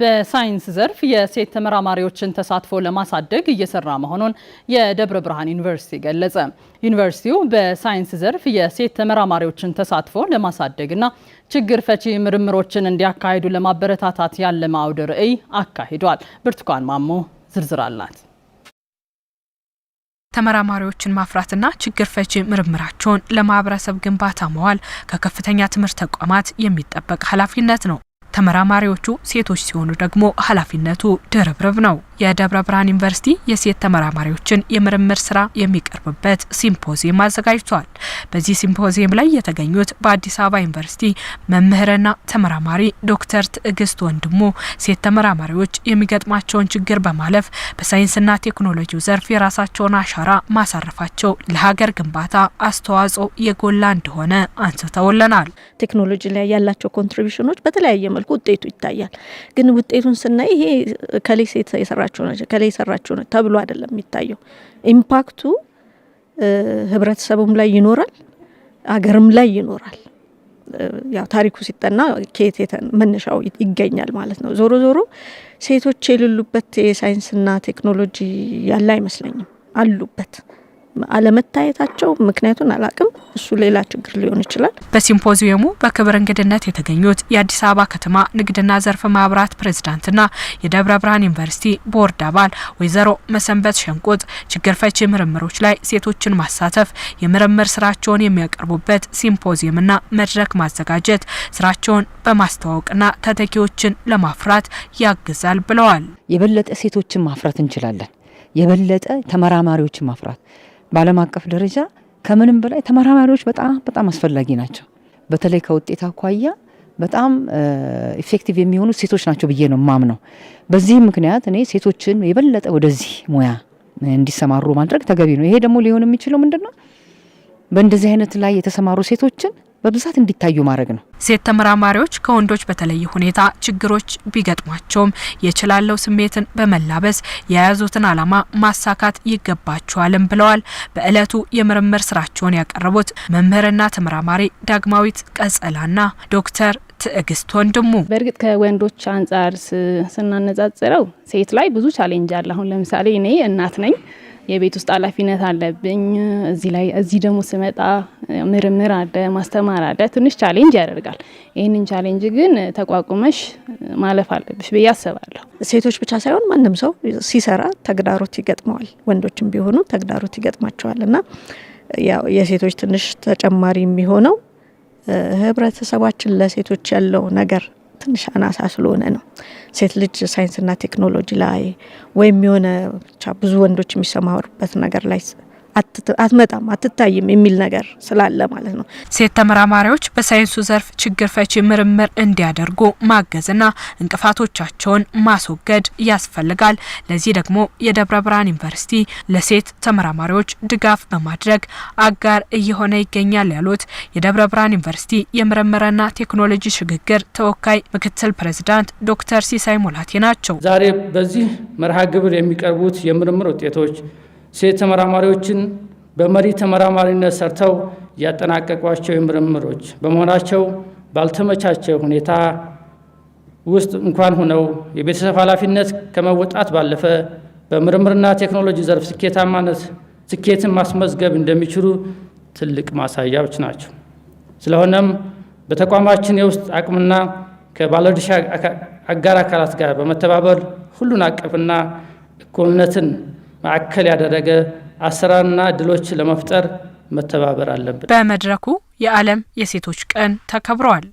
በሳይንስ ዘርፍ የሴት ተመራማሪዎችን ተሳትፎ ለማሳደግ እየሰራ መሆኑን የደብረ ብርሃን ዩኒቨርሲቲ ገለጸ። ዩኒቨርሲቲው በሳይንስ ዘርፍ የሴት ተመራማሪዎችን ተሳትፎ ለማሳደግና ችግር ፈቺ ምርምሮችን እንዲያካሂዱ ለማበረታታት ያለመ አውደ ርዕይ አካሂዷል። ብርቱካን ማሞ ዝርዝር አላት። ተመራማሪዎችን ማፍራትና ችግር ፈቺ ምርምራቸውን ለማህበረሰብ ግንባታ መዋል ከከፍተኛ ትምህርት ተቋማት የሚጠበቅ ኃላፊነት ነው። ተመራማሪዎቹ ሴቶች ሲሆኑ ደግሞ ኃላፊነቱ ድርብርብ ነው። የደብረ ብርሃን ዩኒቨርሲቲ የሴት ተመራማሪዎችን የምርምር ስራ የሚቀርብበት ሲምፖዚየም አዘጋጅቷል። በዚህ ሲምፖዚየም ላይ የተገኙት በአዲስ አበባ ዩኒቨርሲቲ መምህርና ተመራማሪ ዶክተር ትዕግስት ወንድሙ ሴት ተመራማሪዎች የሚገጥማቸውን ችግር በማለፍ በሳይንስና ቴክኖሎጂው ዘርፍ የራሳቸውን አሻራ ማሳረፋቸው ለሀገር ግንባታ አስተዋጽኦ የጎላ እንደሆነ አንስተውለናል። ቴክኖሎጂ ላይ ያላቸው ኮንትሪቢሽኖች በተለያየ መልኩ ውጤቱ ይታያል። ግን ውጤቱን ስናይ ይሄ ከሌ ሴት የሰራ የሰራቸው ናቸው ከላይ የሰራቸው ነው ተብሎ አይደለም የሚታየው። ኢምፓክቱ ህብረተሰቡም ላይ ይኖራል፣ አገርም ላይ ይኖራል። ያው ታሪኩ ሲጠና ከየት መነሻው ይገኛል ማለት ነው። ዞሮ ዞሮ ሴቶች የሌሉበት የሳይንስና ቴክኖሎጂ ያለ አይመስለኝም። አሉበት አለመታየታቸው ምክንያቱን አላቅም። እሱ ሌላ ችግር ሊሆን ይችላል። በሲምፖዚየሙ በክብር እንግድነት የተገኙት የአዲስ አበባ ከተማ ንግድና ዘርፍ ማህበራት ፕሬዝዳንትና የደብረ ብርሃን ዩኒቨርሲቲ ቦርድ አባል ወይዘሮ መሰንበት ሸንቁጥ ችግር ፈቺ ምርምሮች ላይ ሴቶችን ማሳተፍ የምርምር ስራቸውን የሚያቀርቡበት ሲምፖዚየምና መድረክ ማዘጋጀት ስራቸውን በማስተዋወቅና ተተኪዎችን ለማፍራት ያግዛል ብለዋል። የበለጠ ሴቶችን ማፍራት እንችላለን። የበለጠ ተመራማሪዎችን ማፍራት በዓለም አቀፍ ደረጃ ከምንም በላይ ተመራማሪዎች በጣም በጣም አስፈላጊ ናቸው። በተለይ ከውጤት አኳያ በጣም ኢፌክቲቭ የሚሆኑ ሴቶች ናቸው ብዬ ነው ማምነው። በዚህ ምክንያት እኔ ሴቶችን የበለጠ ወደዚህ ሙያ እንዲሰማሩ ማድረግ ተገቢ ነው። ይሄ ደግሞ ሊሆን የሚችለው ምንድን ነው በእንደዚህ አይነት ላይ የተሰማሩ ሴቶችን በብዛት እንዲታዩ ማድረግ ነው። ሴት ተመራማሪዎች ከወንዶች በተለየ ሁኔታ ችግሮች ቢገጥሟቸውም የችላለው ስሜትን በመላበስ የያዙትን ዓላማ ማሳካት ይገባቸዋልም ብለዋል። በእለቱ የምርምር ስራቸውን ያቀረቡት መምህርና ተመራማሪ ዳግማዊት ቀጸላና ዶክተር ትዕግስት ወንድሙ በእርግጥ ከወንዶች አንጻር ስናነጻጽረው ሴት ላይ ብዙ ቻሌንጅ አለ። አሁን ለምሳሌ እኔ እናት ነኝ የቤት ውስጥ ኃላፊነት አለብኝ። እዚህ ላይ እዚህ ደግሞ ስመጣ ምርምር አለ፣ ማስተማር አለ። ትንሽ ቻሌንጅ ያደርጋል። ይህንን ቻሌንጅ ግን ተቋቁመሽ ማለፍ አለብሽ ብዬ አስባለሁ። ሴቶች ብቻ ሳይሆን ማንም ሰው ሲሰራ ተግዳሮት ይገጥመዋል። ወንዶችም ቢሆኑ ተግዳሮት ይገጥማቸዋል እና የሴቶች ትንሽ ተጨማሪ የሚሆነው ህብረተሰባችን ለሴቶች ያለው ነገር ትንሽ አናሳ ስለሆነ ነው። ሴት ልጅ ሳይንስና ቴክኖሎጂ ላይ ወይም የሆነ ብቻ ብዙ ወንዶች የሚሰማሩበት ነገር ላይ አትመጣም አትታይም የሚል ነገር ስላለ ማለት ነው። ሴት ተመራማሪዎች በሳይንሱ ዘርፍ ችግር ፈቺ ምርምር እንዲያደርጉ ማገዝና እንቅፋቶቻቸውን ማስወገድ ያስፈልጋል። ለዚህ ደግሞ የደብረ ብርሃን ዩኒቨርሲቲ ለሴት ተመራማሪዎች ድጋፍ በማድረግ አጋር እየሆነ ይገኛል ያሉት የደብረ ብርሃን ዩኒቨርሲቲ የምርምርና ቴክኖሎጂ ሽግግር ተወካይ ምክትል ፕሬዚዳንት ዶክተር ሲሳይ ሙላቴ ናቸው። ዛሬ በዚህ መርሃ ግብር የሚቀርቡት የምርምር ውጤቶች ሴት ተመራማሪዎችን በመሪ ተመራማሪነት ሰርተው ያጠናቀቋቸው ምርምሮች በመሆናቸው ባልተመቻቸ ሁኔታ ውስጥ እንኳን ሆነው የቤተሰብ ኃላፊነት ከመወጣት ባለፈ በምርምርና ቴክኖሎጂ ዘርፍ ስኬታማነት ስኬትን ማስመዝገብ እንደሚችሉ ትልቅ ማሳያዎች ናቸው። ስለሆነም በተቋማችን የውስጥ አቅምና ከባለድርሻ አጋር አካላት ጋር በመተባበር ሁሉን አቀፍና እኩልነትን ማዕከል ያደረገ አሰራርና እድሎች ለመፍጠር መተባበር አለብን። በመድረኩ የዓለም የሴቶች ቀን ተከብረዋል።